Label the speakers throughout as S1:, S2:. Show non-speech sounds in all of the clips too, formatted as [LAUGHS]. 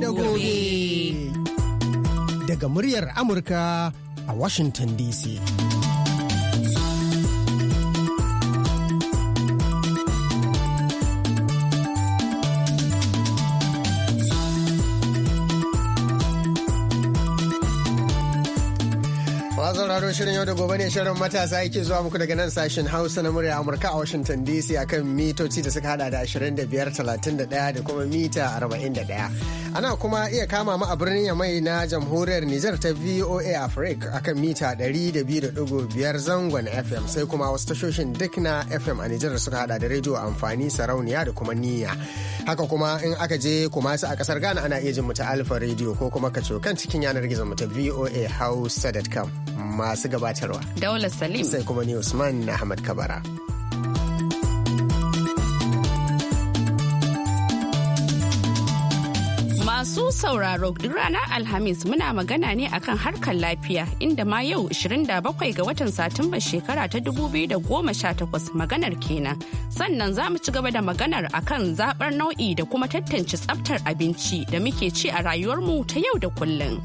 S1: gobe.
S2: Daga muryar Amurka a Washington DC. Sauraron shirin yau da gobe ne shirin matasa yake zuwa muku daga nan sashen hausa na murya amurka a washington dc akan mitoci da suka hada da 25 31 da kuma mita 41 Ana kuma iya kama mu a birnin Yamai na jamhuriyar Nijar ta VOA Africa akan mita 200.5 zangon FM sai kuma wasu tashoshin duk na FM a Nijar suka hada da rediyo amfani sarauniya da kuma niyya. Haka kuma in aka je kuma su a kasar Ghana ana iya jin mu ta Alfa rediyo ko kuma ka kan cikin yanar gizo mu ta VOA Hausa.com masu gabatarwa.
S1: Daula Salim. Sai
S2: kuma ni Usman Ahmad Kabara.
S1: Masu sauraro duk ranar Alhamis muna magana ne akan harkar lafiya inda ma yau 27 ga watan Satumba shekara ta 2018 maganar kenan. Sannan za mu ci gaba da maganar akan zaɓar nau'i da kuma tantance tsaftar abinci da muke ci a rayuwarmu ta yau
S3: da kullum.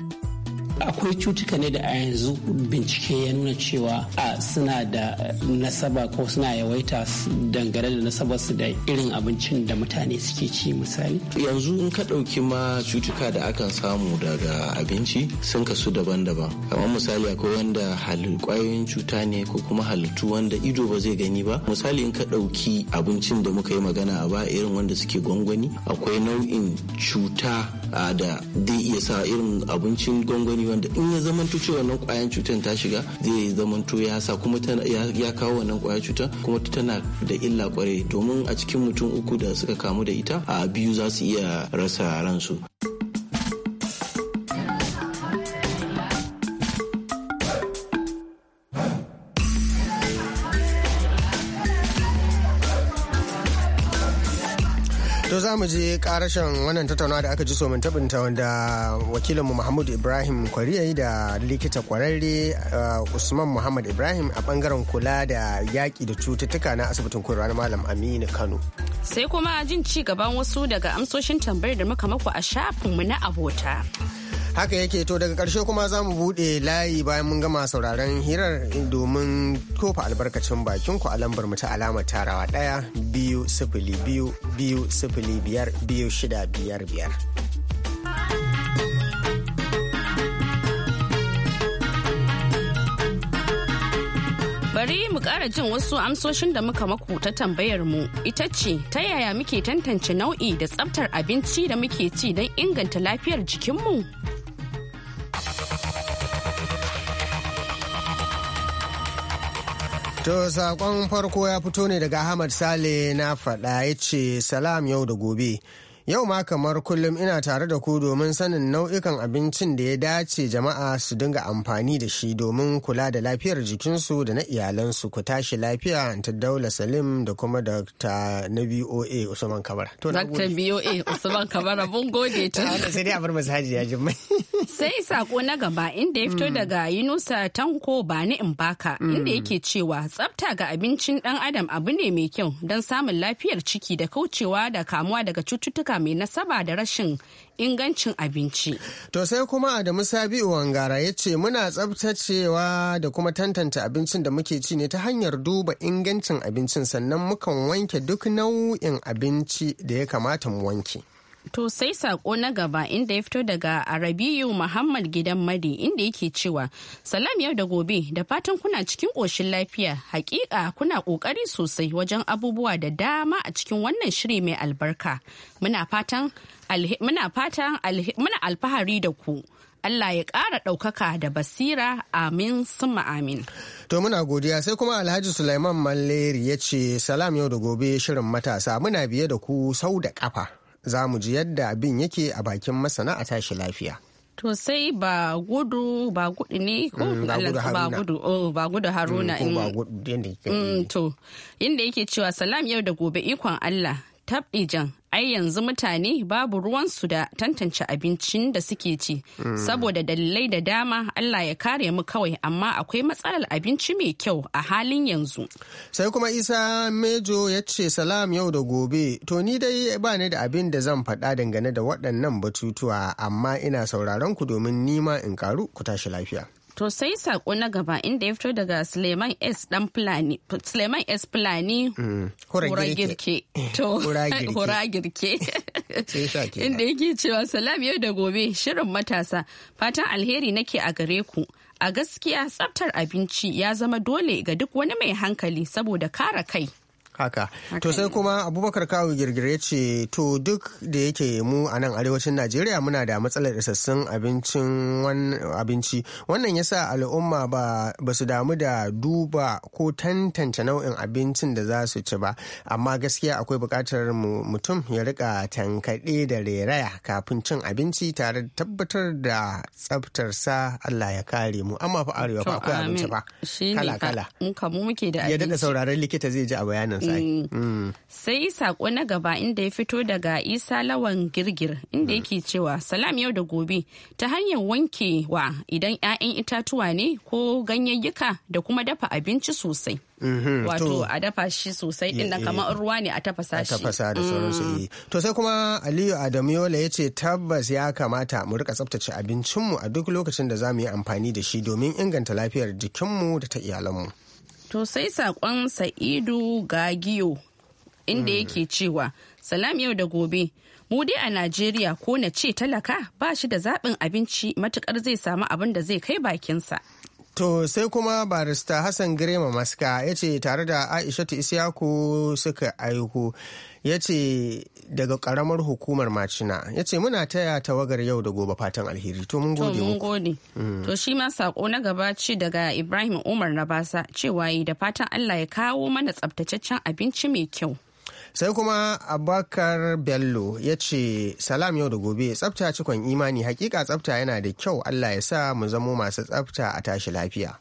S3: akwai cutuka ne da a yanzu bincike ya nuna cewa a suna da nasaba ko suna yawaita dangane da nasabar su da irin abincin da mutane suke ci misali
S4: yanzu in ka ɗauki ma cutuka da akan samu daga abinci sun kasu daban-daban kamar misali akwai wanda halittu kwayoyin cuta ne ko kuma halittu wanda ido ba zai gani ba misali in ka ɗauki abincin da muka yi magana a ba irin wanda suke gwangwani akwai nau'in cuta da zai iya sa irin abincin gwangwani magani wanda in ya zamanto cewa wannan kwayan cutar ta shiga zai zamanto ya sa kuma ya kawo wannan kwayar cutar kuma tana da illa kwarai domin a cikin mutum uku da suka kamu da ita a biyu za su iya rasa ransu
S2: mu je karashen wannan tattaunawa da aka ji somin tabinta wanda wakilinmu Muhammad Ibrahim Kwariyayi da likita kwararre uh, Usman Muhammad Ibrahim a bangaren kula da yaƙi da cututtuka na asibitin koyarwa na Malam Aminu Kano.
S1: Sai kuma jin ci gaban wasu daga amsoshin tambayar da muka maku a shafinmu na abota.
S2: haka yake to daga karshe kuma za mu bude layi bayan mun gama sauraron hirar domin kofa albarkacin bakin ku a lambar mu ta alamar tarawa daya biyu sifili biyu biyu sifili biyar biyu shida biyar biyar.
S1: bari mu kara jin wasu amsoshin da muka maku ta tambayar mu ita ce ta yaya muke tantance nau'i da tsabtar abinci da muke ci don inganta lafiyar jikinmu
S2: To saƙon farko ya fito ne daga Ahmad Sale na faɗa ya ce salam yau da gobe Yau ma kamar kullum ina tare da ku domin sanin nau'ikan abincin da ya dace jama'a su dinga amfani da shi domin kula da lafiyar jikinsu da na iyalansu ku tashi lafiya ta Daula Salim da kuma da ta na BOA Usman Kabara. To na gode.
S1: BOA Usman Kabara mun gode [LAUGHS] ta. Sai
S2: dai a bar masaji ya
S5: jin mai.
S1: [LAUGHS] Sai sako na gaba inda ya fito hmm. daga Yunusa Tanko Bani baka hmm. inda yake cewa tsafta ga abincin dan adam abu ne mai kyau don samun lafiyar ciki da kaucewa da kamuwa daga cututtuka cututtuka mai nasaba da rashin ingancin abinci.
S2: To sai kuma Adamu Sabi'u Wangara ya ce muna tsabtacewa da kuma tantance abincin da muke ci ne ta hanyar duba ingancin abincin sannan mukan wanke duk nau'in abinci da ya kamata mu wanke.
S1: To sai sako na gaba inda ya fito daga Arabiyu Muhammad Gidan Madi inda yake cewa salam yau da gobe da fatan kuna cikin ƙoshin lafiya hakika kuna ƙoƙari sosai wajen abubuwa da dama a cikin wannan shiri mai albarka. Muna fatan muna alfahari da ku. Allah ya ƙara ɗaukaka da basira amin summa amin. To
S2: muna godiya sai kuma Alhaji Sulaiman Malleri ya ce salam yau da gobe shirin matasa muna biye da ku sau da ƙafa. za mu ji yadda abin yake a bakin masana a tashi lafiya.
S1: To sai ba gudu ba gudu ne ko mm, ba gudu ba oh, gudu haruna mm, in mm, to inda yake cewa salam yau da gobe ikon Allah tabdijan ai yanzu mutane babu ruwansu da tantance abincin da suke ci saboda dalilai da dama Allah ya kare mu kawai amma akwai matsalar abinci mai kyau a halin yanzu
S2: sai kuma isa mejo ya ce salam yau da gobe to ni dai ba ni da abin da zan faɗa dangane da waɗannan batutuwa amma ina sauraron ku domin nima in karu ku tashi lafiya
S1: To sai sako na gaba inda ya fito daga Suleiman S dan Fulani. Suleiman S Fulani
S3: mm. hura
S1: girke. [LAUGHS] To hura girke.
S3: [LAUGHS] Inda
S1: yake cewa salam yau da gobe shirin matasa fatan alheri nake a gare ku. A gaskiya tsaftar abinci ya zama dole ga duk wani mai hankali saboda kara kai.
S2: haka to sai kuma abubakar kawo girgire ce to duk da yake mu a nan arewacin najeriya muna da matsalar isassun abinci wannan yasa al'umma ba su damu da duba ko tantance nau'in abincin da za su ci ba amma gaskiya akwai buƙatar mutum ya rika tankaɗe da reraya kafin cin abinci tare da tabbatar da sa allah ya kare mu amma fa arewa ba akwai abinci ba kala kala
S1: ya daɗa sauraron
S2: likita zai ji a bayanin Eh. Mm.
S1: Sai sako na gaba inda ya fito daga Isa Lawan Girgir inda mm. yake cewa salam yau da gobe ta hanyar wanke wa idan 'ya'yan itatuwa ne ko ganyayyuka da kuma dafa abinci sosai.
S2: Mhm, wato a
S1: dafa shi sosai din nan eh. kamar ruwa ne a tafasa shi a tafasa da sauransu mm. eh.
S2: to sai kuma Aliyu Adamu ya ce tabbas ya kamata mu rika tsaftace abincinmu a duk lokacin da za mu yi amfani da shi domin inganta lafiyar jikinmu da ta iyalanmu
S1: To sai saƙon Sa'idu Gagiyo inda hmm. yake cewa salam yau da gobe mu dai a Najeriya ko na ce talaka ba shi da zaɓin abinci matukar zai samu abin da zai kai bakinsa.
S2: To sai kuma barista Hassan Girema Maska ya ce tare da Aishatu Isiyaku suka aiko ya ce daga karamar hukumar macina ya ce muna taya tawagar yau da gobe fatan alheri to mun gode muku mm. to
S1: shi ma sako na gaba ce daga ibrahim umar na basa cewa yi da fatan allah ya kawo mana tsabtataccen abinci mai kyau
S2: sai kuma abakar bello ya ce salam yau da gobe tsabta cikon imani hakika tsabta yana da kyau allah ya sa mu zamo masu tsabta a tashi lafiya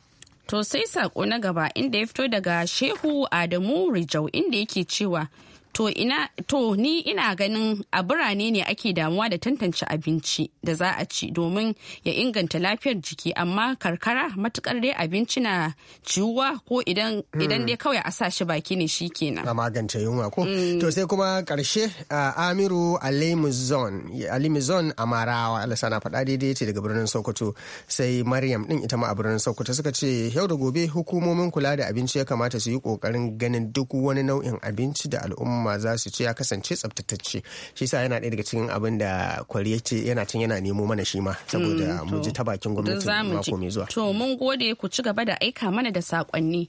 S1: to sai sako na gaba inda ya fito daga shehu adamu rijau inda yake cewa To ina to ni ina ganin a birane ne ake damuwa da tantance abinci da za a ci domin ya inganta lafiyar jiki amma karkara matukar dai abinci na ciwuwa ko idan idan hmm. dai kawai a sa shi baki ne shi kenan.
S2: A magance yunwa ko. Hmm. To sai kuma karshe Amiru Alimuzon Alimuzon Amarawa Allah sana faɗa daidai ce daga birnin Sokoto sai Maryam din ita ma a birnin Sokoto suka ce yau da gobe hukumomin kula da abinci ya kamata su yi kokarin ganin duk wani nau'in abinci da al'umma al'umma za su ce ya kasance tsaftatacce shi sa yana ɗaya daga cikin abin da kwari ce yana cin yana nemo mana shi ma saboda mm, mu ji ta bakin gwamnati mako mai zuwa to
S1: mun gode ku ci gaba da aika mana da saƙonni.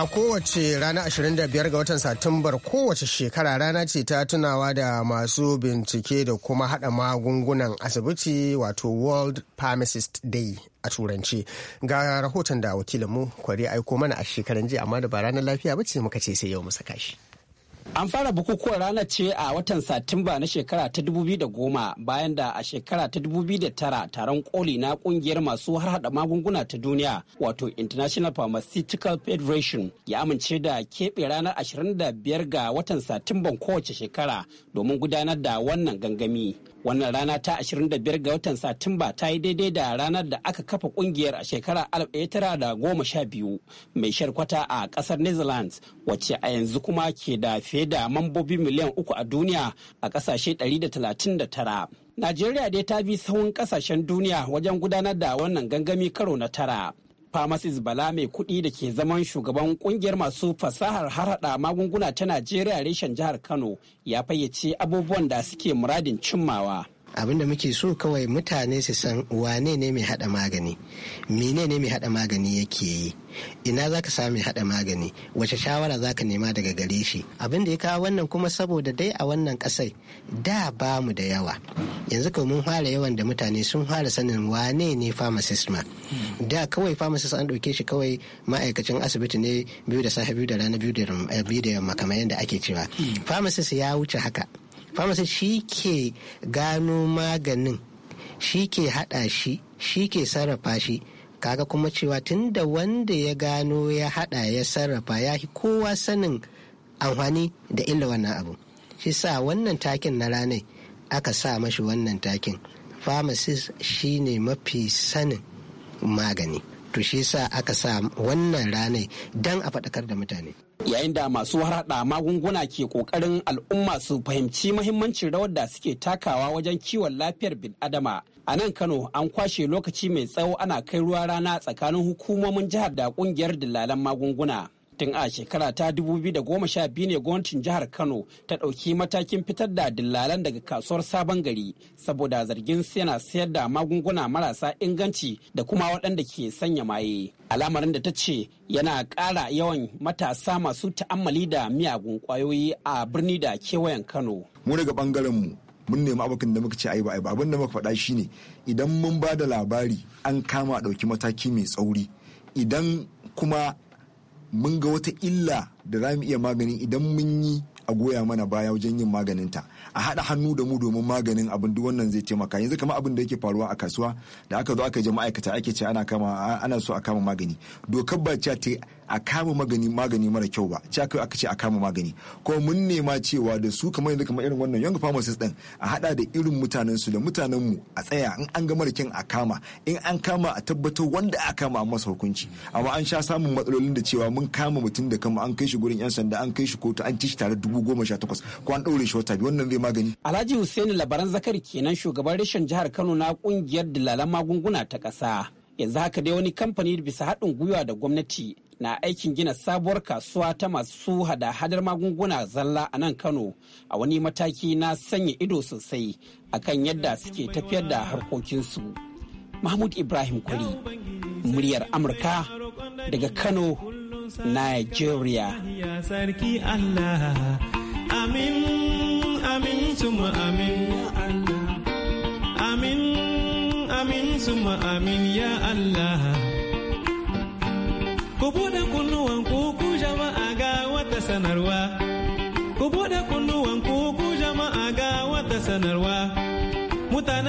S1: A
S2: kowace rana 25 ga watan Satumbar kowace shekara rana ce ta tunawa da masu bincike da kuma hada magungunan asibiti wato World Pharmacist Day a turanci. Ga rahoton da wakilinmu kwari aiko mana a shekaran jiya amma da ba ranar lafiya ba ce muka ce sai yau mu kashi. shi.
S3: An fara bukukuwan ranar ce a watan Satumba na shekara ta 2010 bayan da a shekara ta 2009 taron koli na kungiyar masu harhaɗa magunguna ta duniya wato International Pharmaceutical Federation ya amince da keɓe ranar 25 ga watan Satumban kowace shekara domin gudanar da wannan gangami. Wannan rana ta 25 ga watan Satumba ta yi daidai da ranar da aka kafa kungiyar a shekara 1912 mai sharkwata a ƙasar Netherlands wacce a yanzu kuma ke da fiye fiye da mambobi miliyan uku a duniya a ƙasashe 139. Najeriya dai ta bi sahun ƙasashen duniya wajen gudanar da wannan gangami karo na tara. Pharmacist Bala mai kuɗi da ke zaman shugaban kungiyar masu fasahar harhaɗa magunguna ta Najeriya reshen jihar Kano ya fayyace abubuwan da suke muradin cimmawa.
S5: abin da muke so kawai mutane su san wane ne mai hada magani mene ne mai hada magani yake yi ina za ka sami hada magani wace shawara za ka nema daga gare shi abin da ya kawo wannan kuma saboda dai a wannan kasai da ba mu da yawa yanzu kawai mun fara yawan da mutane sun fara sanin wane ne pharmacist ma da kawai pharmacist an ɗauke shi kawai ma'aikacin asibiti ne biyu da safe biyu da rana biyu da eh, yamma kamar yadda ake cewa pharmacist ya wuce haka pharmacist shi ke gano maganin shi ke hada shi shi ke sarrafa shi kaga kuma cewa tun da wanda ya gano ya hada ya sarrafa ya kowa sanin amfani da illa wannan abu shi sa wannan takin na ranar aka sa mashi wannan takin pharmacist ne mafi sanin magani to shi sa aka sa wannan ranar don a faɗakar da mutane
S3: yayin da masu harhaɗa magunguna ke ƙoƙarin al'umma su fahimci mahimmancin rawar da suke takawa wajen kiwon lafiyar bin adama, a nan kano an kwashe lokaci mai tsawo ana kai ruwa rana tsakanin hukumomin jihar da ƙungiyar dillalan magunguna tun a shekara ta 2012 ne gwamnatin jihar kano ta ɗauki matakin fitar da dillalan daga kasuwar sabon gari saboda zargin yana sayar da magunguna marasa inganci da kuma waɗanda ke sanya maye alamarin da ta ce yana ƙara yawan matasa masu ta'ammali da miyagun ƙwayoyi a birni da kewayen kano mu daga
S6: bangaren mu mun nemi abokin da muka ce ai ba ai ba abin da muka faɗa shine idan mun ba da labari an kama ɗauki mataki mai tsauri idan kuma mun ga wata illa da za mu iya magani idan mun yi a goya mana baya wajen yin maganin ta a haɗa hannu da mu domin maganin abin duk wannan zai taimaka yanzu kamar abin da yake faruwa a kasuwa da aka zo aka je ma'aikata ake ce ana so a kama magani dokar ba ta a kama magani magani mara kyau ba ci aka ce a kama magani ko mun nema cewa da su kamar yanzu kamar irin wannan young pharmacist din a hada da irin mutanen su da mutanen mu a tsaya in an ga mara a kama in an kama a tabbatar wanda a kama a masa hukunci amma an sha samun matsalolin da cewa mun kama mutum
S3: da kama an kai shi gurin yan sanda an kai shi kotu an ci shi tare dubu goma sha takwas ko an ɗaure shi wata biyu wannan zai magani. Alhaji Hussein labaran zakar kenan shugaban rashin jihar Kano na kungiyar dalalan magunguna ta kasa yanzu haka dai wani kamfani bisa haɗin gwiwa da gwamnati na aikin gina sabuwar kasuwa ta masu hada-hadar magunguna zalla a nan Kano a wani mataki na sanya ido sosai akan yadda suke tafiyar da harkokinsu. Mahmud Ibrahim Kwari, muryar Amurka daga Kano, Nigeria.
S7: Amin, amin, amin, ya Allah.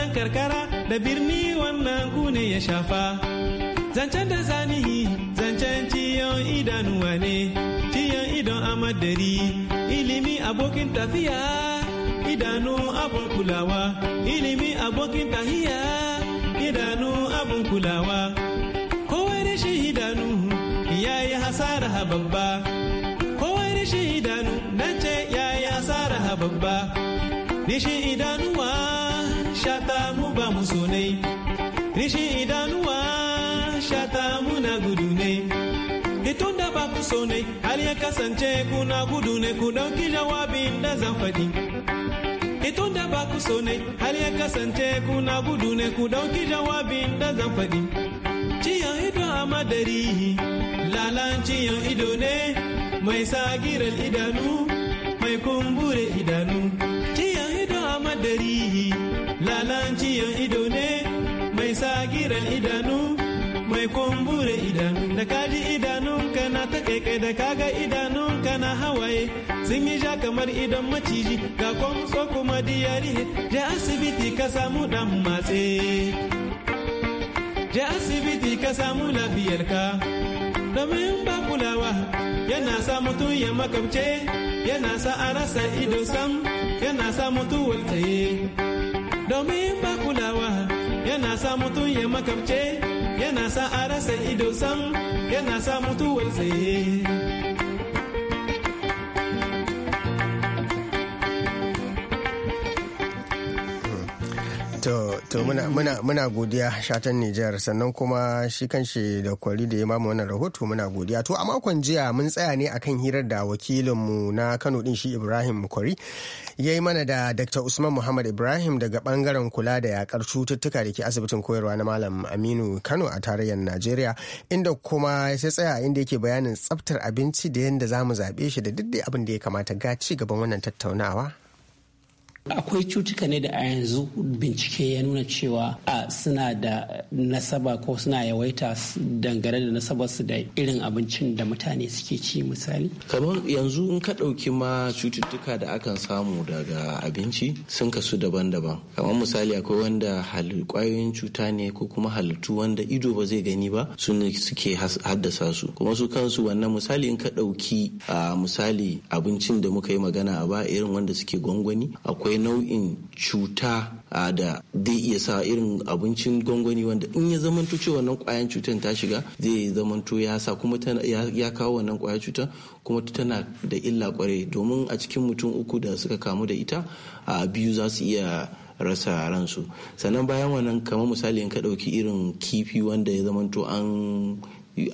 S7: nan karkara da birni wannan ku ne ya shafa zancen da zanihi zancen ciyon idanuwa ne ciyon idon amadari ilimi abokin tafiya idanu abun kulawa ilimi abokin tahiya idanu abun kulawa kowai shi idanu ya yi hasara babba kowai shi idanu nan ce ya yi hasara babba rashin idanuwa shata mu ba mu sonai rishin idanuwa shata na gudu ne itun da ba ku sonai har ya kasance kuna gudu ne ku ɗauki jawabin da zan faɗi itun da ba ku sonai har ya kasance kuna gudu ne ku ɗauki jawabin da zan faɗi ciyan ido a madari lalan ciyan ido ne mai sagirar idanu mai kumbure idanu ciyan ido a madari sagiran idanu mai kumbure idanu da kaji ka na ta keke, da kaga ka na hawaye sun yi ja kamar idan maciji ga kwamso kuma diyari je asibiti ka samu dan matse je asibiti ka samu lafiyarka domin ba kulawa yana sa mutum ya makamce yana sa a rasa ido sam yana sa mutuwar tsaye domin ba kulawa sa mutum ya makamce yana sa a rasa ido sam yana sa mutuwar tsaye
S2: To, to muna, mm. muna, muna godiya shatan Nijar sannan kuma shi kanshi da kwari da ya mamu wannan rahoto muna godiya. To a makon jiya mun tsaya ne akan hirar da wakilinmu na Kano din shi Ibrahim Kwari yayi mana da Dr. Usman Muhammad Ibrahim daga bangaren kula da yakar cututtuka da ke asibitin koyarwa na Malam Aminu Kano a tarayyar Najeriya inda kuma ya tsaya inda yake bayanin tsaftar abinci da yadda zamu mu zaɓe shi da duk abin da ya kamata ga ci gaban wannan tattaunawa
S3: akwai cutuka ne da a yanzu bincike ya nuna cewa a suna da nasaba ko suna yawaita dangane da nasabarsu da irin abincin da mutane suke ci misali
S4: kamar yanzu in ka ɗauki ma cututtuka da akan samu daga abinci sun kasu daban-daban kamar misali akwai wanda kwayoyin cuta ne ko kuma halittu wanda ido ba zai gani ba su suke haddasa su kuma su kansu wannan misali in ka ɗauki misali abincin da muka yi magana a ba irin wanda suke gwangwani akwai akwai nau'in cuta a da zai iya sa irin abincin gwangwani wanda in ya zamanto cewa nan kwayan cutar ta shiga zai zamanto ya sa kuma ya kawo wannan kwayan cutar kuma tana da illa kwarai domin a cikin mutum uku da suka kamu da ita a biyu za su iya rasa ransu sannan bayan wannan kamar misali in ka ɗauki irin kifi wanda ya zamanto an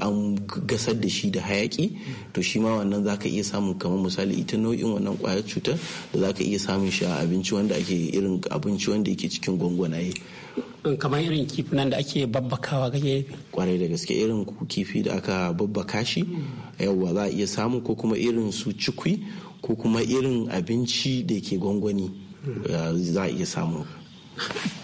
S4: an gasar da shi da hayaki to shi ma wannan za ka iya samun kamar misali ita nau'in wannan kwayar cutar da za ka iya samun shi a abinci wanda ake irin abinci wanda yake cikin gwangwanaye kamar irin kifi nan da ake babbakawa ga gefe kwarai da gaske irin kifi da aka babbaka shi yawwa za a iya samu ko kuma irin su cikwi ko kuma irin abinci da ke gwangwani hmm. za a iya samu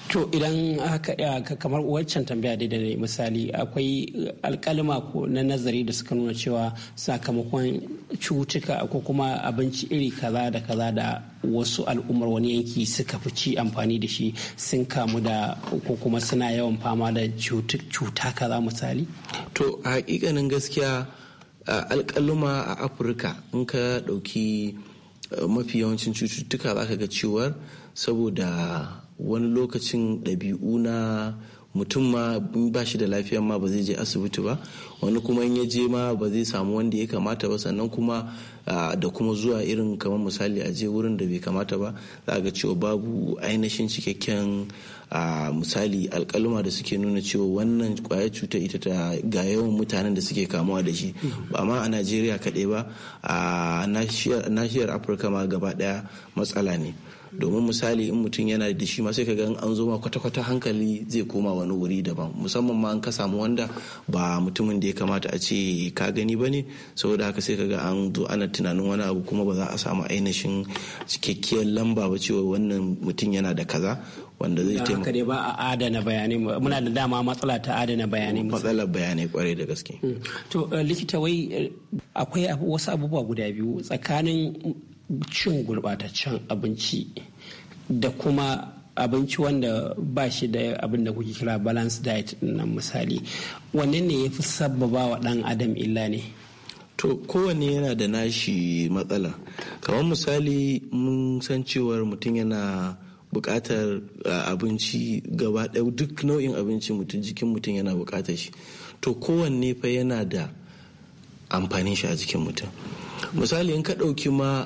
S3: to idan haka kamar waccan tambaya da ne misali akwai alkalima ko na nazari da suka nuna cewa sakamakon cutuka ko kuma abinci iri kaza da kaza da wasu al'ummar wani yanki suka fi ci amfani da shi sun kamu da ko kuma suna yawan fama da cuta kaza misali
S4: to hakikanin gaskiya alkalima a afirka in ka dauki mafi yawancin cututtuka za ka ga cewar saboda wani lokacin ɗabi'u na mutum ma ba shi da lafiya ma ba zai je asibiti ba wani kuma in ya je ma ba zai samu wanda ya kamata ba sannan kuma da kuma zuwa irin kamar misali a je wurin da bai kamata ba za ga cewa babu ainihin cikakken misali alkaluma da suke nuna cewa wannan kwayar cuta ita ta ga yawan mutanen da suke kamuwa da shi ba ma a najeriya kaɗai ba a nashiyar afirka ma gaba ɗaya matsala ne domin misali in mutum yana da shi ma sai ka ga an zo ma kwata-kwata hankali zai koma wani wuri daban musamman ma an ka samu wanda ba mutumin da ya kamata a ce ka gani ba ne saboda haka sai ka ga an zo ana tunanin wani abu kuma ba za a samu ainihin cikakkiyar lamba ba cewa wannan mutum yana da kaza wanda zai taimaka dai
S3: ba a adana bayanai muna da dama matsala ta adana bayanai matsalar
S4: bayanai kwarai da gaske hmm.
S3: to eh, likita wai eh, akwai wasu abubuwa guda biyu tsakanin cin gurbataccen abinci da kuma abinci wanda ba shi da abin da kuke kira balance diet nan misali wanne ne ya fi sabbaba wa dan adam illa ne to kowane
S4: yana da nashi matsala kamar misali mun san cewar mutum yana bukatar abinci gaba ɗaya duk nau'in abinci mutum jikin mutum yana bukatar shi to kowanne fa yana da amfanin shi a jikin mutum misali in ka ɗauki ma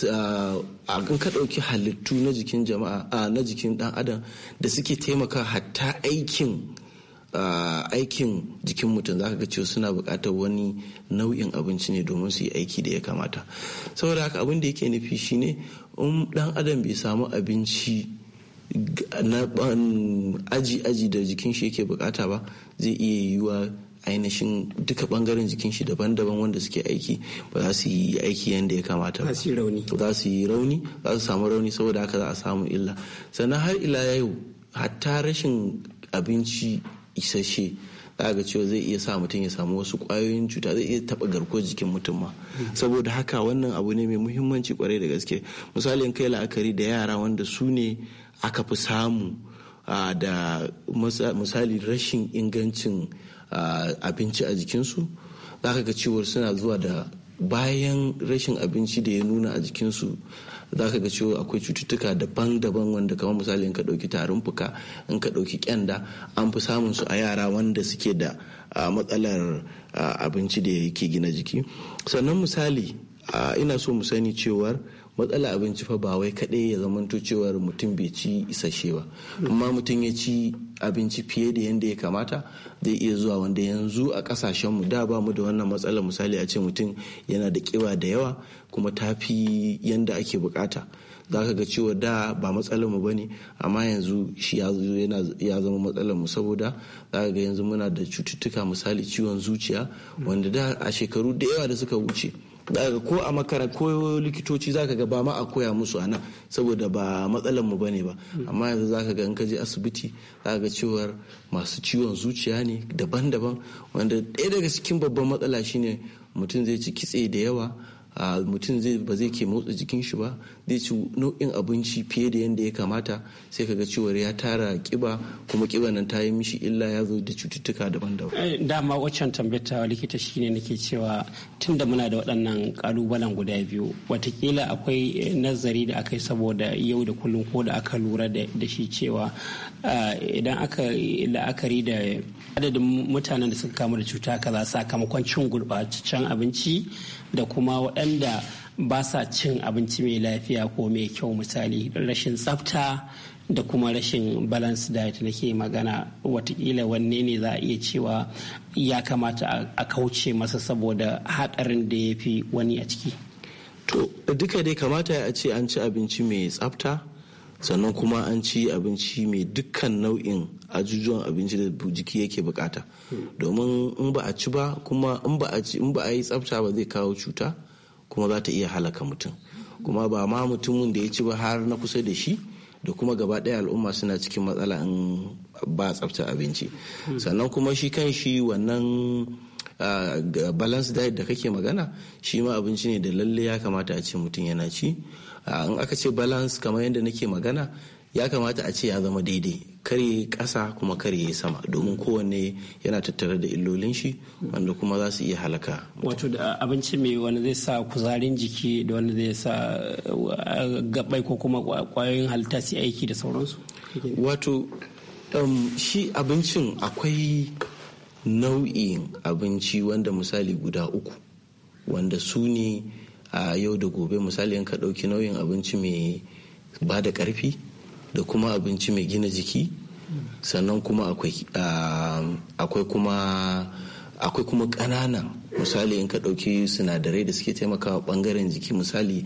S4: a ka ɗauki halittu na jikin jama'a a na jikin ɗan adam da suke taimaka hatta aikin aikin jikin mutum za ka ga cewa suna buƙatar wani nau'in abinci ne domin su yi aiki da ya kamata saboda haka abin da yake nufi shine in ɗan adam bai samu abinci na aji-aji da jikin shi yake bukata ba zai iya yiwuwa ainihin duka bangaren jikin shi daban-daban wanda suke aiki ba za su yi aiki yadda ya kamata ba za su yi rauni za su samu rauni saboda haka za a samu illa sannan har ila yau hatta rashin abinci isasshe za ga cewa zai iya sa mutum ya samu wasu kwayoyin cuta zai iya taba garkuwar jikin mutum ma saboda haka wannan abu ne mai muhimmanci kwarai da gaske misalin kai la'akari da yara wanda su ne aka fi samu da misali rashin ingancin abinci a jikinsu za ka ga cewar suna zuwa da bayan rashin abinci da ya nuna a jikinsu za ka ga cewa akwai cututtuka daban-daban wanda kamar misali in ka ɗauki tarin fuka in ka ɗauki kyanda an fi samun su a yara wanda suke da matsalar abinci da yake gina jiki sannan misali ina so mu sani cewar matsala abinci fa ba wai kaɗai ya zamanto cewa mutum bai ci isasshe ba amma mutum ya ci abinci fiye da yadda ya kamata zai iya zuwa wanda yanzu a kasashen mu da ba mu da wannan matsalar misali a ce mutum yana da kiba da yawa kuma tafi yadda ake bukata za ka ga cewa da ba matsalar mu bane amma yanzu shi ya zama matsalar mu saboda za ka ga yanzu muna da cututtuka misali ciwon zuciya wanda da a shekaru da yawa da suka wuce ko a makara ko likitoci zaka ga ba ma a koya musu a nan saboda ba matsalar mu bane ba hmm. amma yanzu zaka ga in ka je asibiti zaka ga cewar masu ciwon zuciya ne daban-daban wanda ɗaya daga cikin babban matsala shine mutum zai ci kitse da yawa mutum zai ba zai ke motsa jikin shi ba zai ci nau'in abinci fiye da yadda ya kamata sai kaga cewar ya tara kiba kuma kiba nan ta yi mishi illa ya zo da cututtuka daban-daban
S3: eh, dama waccan tambayar likita shine nake cewa tun da muna da waɗannan ƙalubalen guda biyu watakila akwai nazari da aka yi saboda yau da kullum ko da aka lura da shi cewa idan aka la'akari da adadin mutanen da suka kamu da cuta kaza sakamakon cin gurɓataccen abinci da kuma waɗanda ba sa cin abinci mai lafiya ko mai kyau misali rashin tsafta da kuma rashin balance diet nake magana watakila wanne ne za a iya cewa ya kamata a kauce masa saboda haɗarin da ya fi wani a ciki
S4: to duka dai kamata a ce an ci abinci mai tsafta sannan kuma an ci abinci mai dukkan nau'in ajujuwan abinci da jiki yake bukata domin in ba a ci ba kuma in ba a yi tsafta ba zai kawo cuta kuma za ta iya halaka mutum kuma ba ma mutumin da ya ci ba har na kusa da shi da kuma gaba ɗaya al'umma suna cikin matsala in ba tsafta abinci sannan kuma shi kan shi wannan balance diet da kake magana shi ma abinci ne da lalle ya kamata a ce mutum yana ci in aka ce balance kamar yadda nake magana ya kamata a ce ya zama daidai kare ƙasa kuma kare sama domin kowanne yana tattare da illolin shi wanda kuma za su iya halaka
S3: wato da abinci mai wani zai sa kuzarin jiki da wani zai sa uh, gabai ko kuma kwayoyin halitta su aiki da sauransu wato um, shi abincin akwai
S4: nau'in abinci wanda misali guda uku wanda su ne a yau da gobe misali in ka ɗauki nauyin abinci mai ba da ƙarfi da kuma abinci mai gina jiki sannan kuma akwai kuma akwai kuma ƙanana misali in ka ɗauki sinadarai da suke taimakawa ɓangaren jiki misali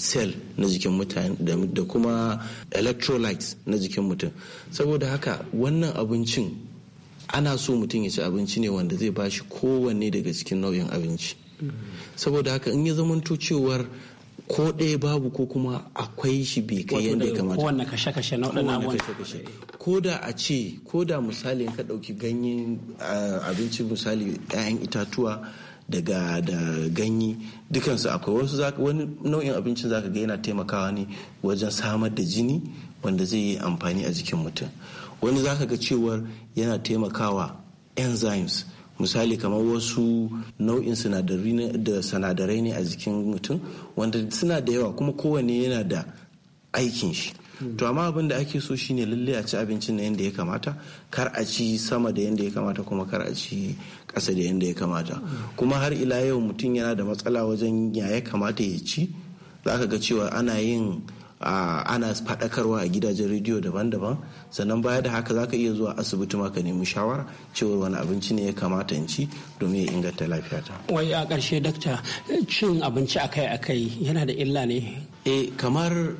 S4: cell na jikin mutane da kuma electrolytes na jikin mutum saboda haka wannan abincin ana so mutum ya ci abinci ne wanda zai bashi kowanne daga cikin nau'in abinci saboda haka in ya zamanto cewar ko ɗaya babu ko kuma akwai shi bai kai yadda ya kamata kowanne kashe-kashe na wadannan kashe-kashe ko da a ce ko da misali ka ɗauki ganyen ah, abinci misali 'ya'yan itatuwa daga da ganyi dukansu akwai wasu wani nau'in abincin zaka ga yana taimakawa ne wajen samar da jini wanda zai yi amfani a jikin mutum wani zaka ga cewar yana taimakawa enzymes misali kamar wasu nau'in sinadarai ne a jikin mutum wanda suna da yawa kuma kowanne yana da aikin shi to amma abin da ake so shine lalle a ci abincin na yadda ya kamata kar a ci sama da yadda ya kamata kuma kar a ci ƙasa da yadda ya kamata kuma har ila yau mutum yana da matsala wajen ya ya kamata ya ci za ka ga cewa ana yin ana faɗakarwa a gidajen rediyo daban-daban sannan baya da haka zaka iya zuwa asibiti ma ka nemi shawara cewar wani abinci ne ya kamata in ci domin ya inganta lafiyata
S3: wai a ƙarshe dakta cin abinci akai-akai yana da illa ne e kamar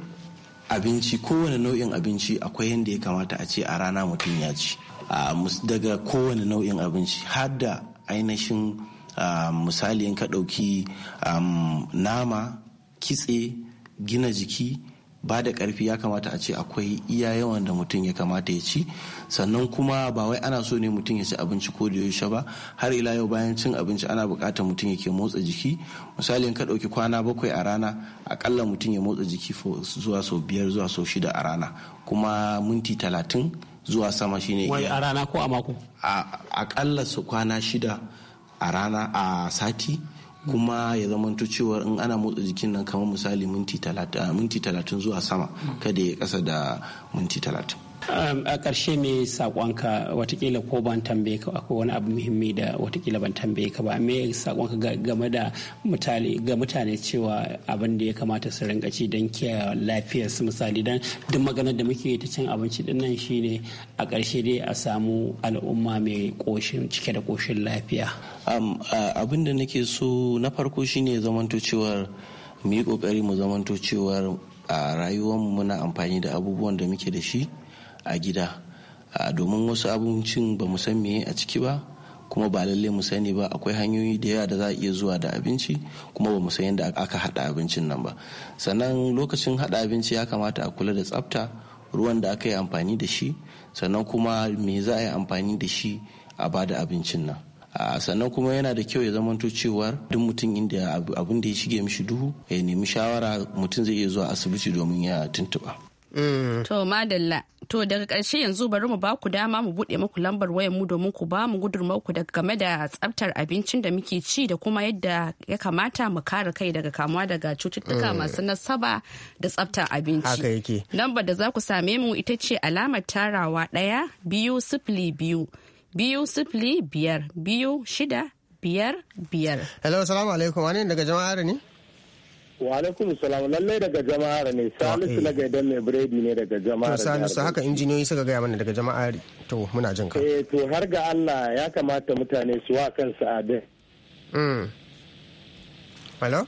S4: abinci kowane nau'in abinci akwai yadda ya kamata a ce a rana mutum ya ci daga kowane nau'in abinci har da ainihin misali in ka ɗauki nama kitse gina jiki ba da karfi ya kamata a ce akwai iya yawan da mutum ya kamata ya ci sannan kuma ba wai ana so ne mutum ya ci abinci ko da yaushe ba har ila yau bayan cin abinci ana bukatar mutum yake motsa jiki misali ka ɗauki kwana bakwai a rana akalla mutum ya motsa jiki zuwa sau biyar zuwa sau shida a rana kuma minti talatin zuwa sama shine wai a rana ko a mako a akalla su kwana shida a rana a sati kuma ya zamanto cewa in ana motsa jikin nan kamar misali minti talatin zuwa sama hmm. kada ya kasa da minti talatin
S3: Um, a ƙarshe mai saƙonka watakila ko ban tambaye ka akwai wani abu muhimmi da watakila ban tambaye ka ba me saƙonka game da mutane ga mutane cewa abin da ya kamata su rinka ci don kiyaye lafiyar su misali dan duk maganar da muke ta cin abinci din nan shine a ƙarshe dai a samu al'umma mai ƙoshin cike da ƙoshin lafiya
S4: um, abin da
S3: nake so na farko
S4: shine zamanto cewar mu yi ƙoƙari mu zamanto cewar a rayuwarmu muna amfani da abubuwan da muke da shi a gida domin wasu abincin ba mu san meye a ciki ba kuma ba lalle mu sani ba akwai hanyoyi da yawa da za a iya zuwa da abinci kuma ba mu san yadda aka hada abincin nan ba sannan lokacin hada abinci ya kamata a kula da tsafta ruwan da aka yi amfani da shi sannan kuma me za a yi amfani da shi a bada abincin nan a sannan kuma yana da kyau ya zamanto cewar duk mutum inda abin da ya shige mishi duhu ya nemi shawara mutum zai iya zuwa asibiti domin ya tuntuɓa
S2: Mm.
S1: To madalla to daga ƙarshe yanzu bari mu ba ku dama mu buɗe muku lambar wayan mu domin ku ba mu ku daga game da tsaftar abincin da muke ci da kuma yadda ya kamata mu kare kai daga kamuwa daga cututtuka mm. masu nasaba da tsaftar abinci. Haka yake. Lambar da za ku same mu ita ce alamar tarawa ɗaya biyu sifili biyu biyu sifili biyar biyu shida biyar biyar.
S2: Hello, salamu alaikum, wani daga jama'ar ne? Wa alaikum salam lallai daga jama'ar ne Salisu ah, eh. na gaidan mai
S6: biredi ne daga jama'ar. To Salisu haka
S2: injiniyoyi suka gaya mana daga jama'ar to muna jin ka.
S6: Eh to har ga Allah ya kamata mutane su wa kansu adin.
S2: Mm. Hello?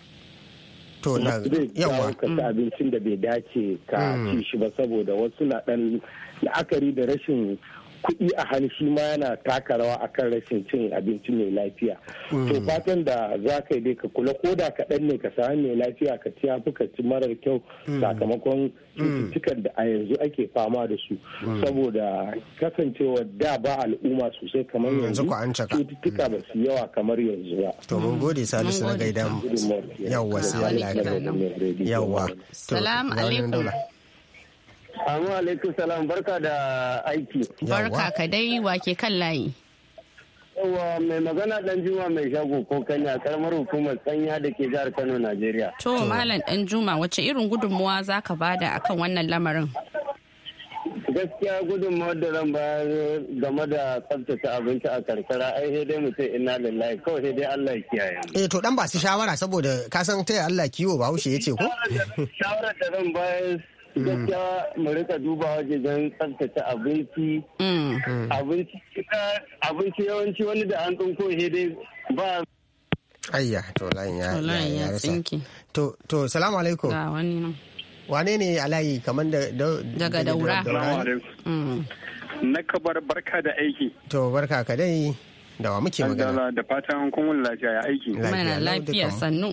S2: to na
S6: yawa ka hmm. abincin da bai dace ka hmm. ci shi ba saboda wasu na dan la'akari da rashin kuɗi a hannu shi ma yana taka rawa a kan rashin cin abinci mai lafiya to mm. fatan da za ka dai ka kula ko da kaɗan ne ka sami mai lafiya ka ci ka ci marar kyau mm. sakamakon cututtukan da a yanzu ake fama da su mm. saboda kasancewa da ba al'umma
S2: sosai kamar yanzu cututtuka ba su yawa kamar yanzu ba to mun gode salisu na gaida mu yawwa sai yawwa salamu alaikum
S6: Amu alaikum salam barka da aiki. Barka
S1: ka dai wake kan layi.
S6: Yawa mai magana dan juma mai shago ko kanya karamar hukumar sanya da ke jihar Kano Najeriya. To
S1: malam dan juma wace irin gudunmuwa za ka bada akan wannan lamarin?
S6: Gaskiya gudunmawar da zan bayar game da tsabtace abinci a karkara ai sai dai mutum ina lillahi kawai sai dai Allah ya
S2: kiyaye. Eh to dan ba su shawara saboda ka san taya Allah kiwo ba haushe ce ko?
S6: Shawara da zan bayar gaskiya mu rika duba wajen tsaftace abinci mm. abinci yawanci wani da an tsinko dai ba
S2: ayya to layin ya ya tsinki to to salamu alaikum ga wani nan wane ne alayi kamar da daga daura mm. na bar barka da aiki to barka ka dai da wa muke magana da fatan kun lafiya ya aiki
S1: lafiya sannu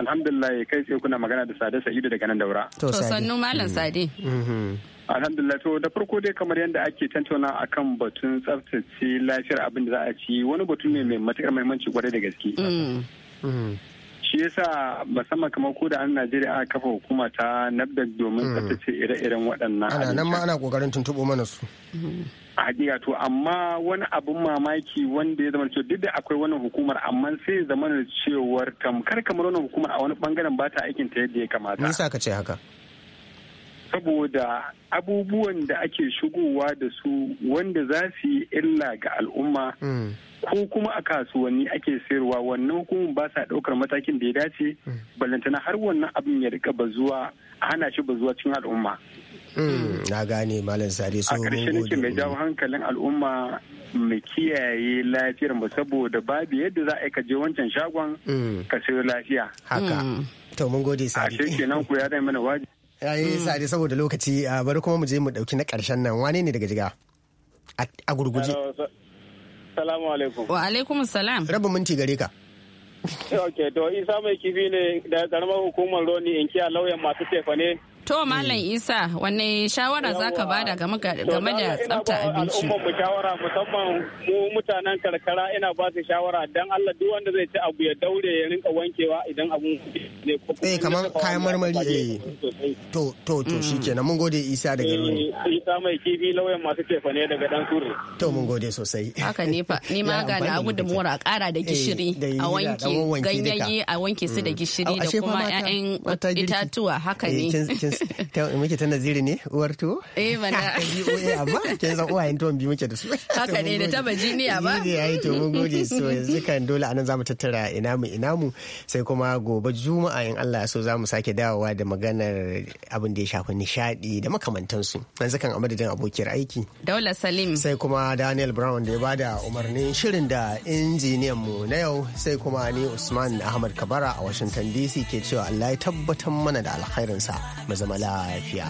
S6: Alhamdulillah kai sai kuna magana da Sade Sa'idu daga nan daura. To sannu Malam mm.
S1: Sade.
S2: Mm-hmm.
S6: Alhamdulillah to da farko dai kamar yadda ake tantauna akan batun tsaftace lafiyar abin da za a ci wani batu ne mai matukar muhimmanci kwarai da gaske.
S2: Mm. Mm-hmm.
S6: shi yasa musamman kamar ko da an najeriya aka kafa hukuma ta nafdak domin hmm. tsaftace ire-iren waɗannan ana nan
S2: ma ana kokarin tuntuɓo mana su
S6: hakika to amma wani abin mamaki wanda ya zama cewa duk da akwai wannan hukumar amma sai zama da cewar tamkar kamar wannan hukumar a wani bangaren ba ta aikin ta yadda ya kamata me
S2: yasa ka ce haka
S6: saboda abubuwan da ake shigowa da su wanda za su yi illa ga al'umma hmm. ko kuma a kasuwanni ake sayarwa wannan hukumar ba sa ɗaukar matakin da ya dace ballantana har wannan abin ya rika bazuwa a hana shi bazuwa cikin al'umma.
S2: Hmm, na gane malam sare so a karshe nake mai jawo
S6: hankalin al'umma mai kiyaye lafiyar mu saboda babu yadda za a kaje je wancan shagon hmm. ka sayo lafiya haka
S2: hmm. to mun gode sare a kenan
S6: ku ya dai mana waje
S2: [LAUGHS] yayi sare saboda lokaci bari kuma mu je mu dauki na ƙarshen nan wane ne daga jiga a gurguje Salamu alaikum. Wa alaikum salam. rabu minti gare ka. Eh, ok, to Isa
S6: mai kifi ne da karamar hukumar Roni in kiya lauyan masu tefa ne
S1: To Malam mm. Isa, wanne shawara za ka bada game da tsafta abinci? Ina
S6: ba shawara musamman mu mutanen karkara ina ba su shawara don Allah duk wanda zai ci abu ya daure ya rinka wankewa idan abu ne ko
S2: Eh kamar kayan marmari eh. To to to mm. shikenan mun gode Isa daga eh, Roni. Isa mai kifi lauyan masu cefa ne daga dan Sure. To mun gode sosai.
S1: Haka ne fa ni ma ga na gudunmuwar a kara da gishiri a wanke ganyaye a wanke su da mm. gishiri da kuma 'ya'yan itatuwa haka eh,
S2: ne. ta muke ta naziri ne uwar tuwo eh mana [LAUGHS] amma kin san uwayen ton bi muke da su [LAUGHS] haka ne da ta ba ne yayi to mun gode so [LAUGHS] yanzu kan dole anan zamu tattara ina mu ina mu sai kuma gobe juma'a in Allah ya so zamu sake dawowa da maganar abin da ya shafi nishadi da makamantansu yanzu kan a madadin abokiyar aiki Daula Salim sai kuma Daniel Brown da ya bada umarnin shirin da injiniyan mu na yau sai kuma ni Usman Ahmad Kabara a Washington DC ke cewa Allah ya tabbatar mana da alkhairinsa mu zama lafiya.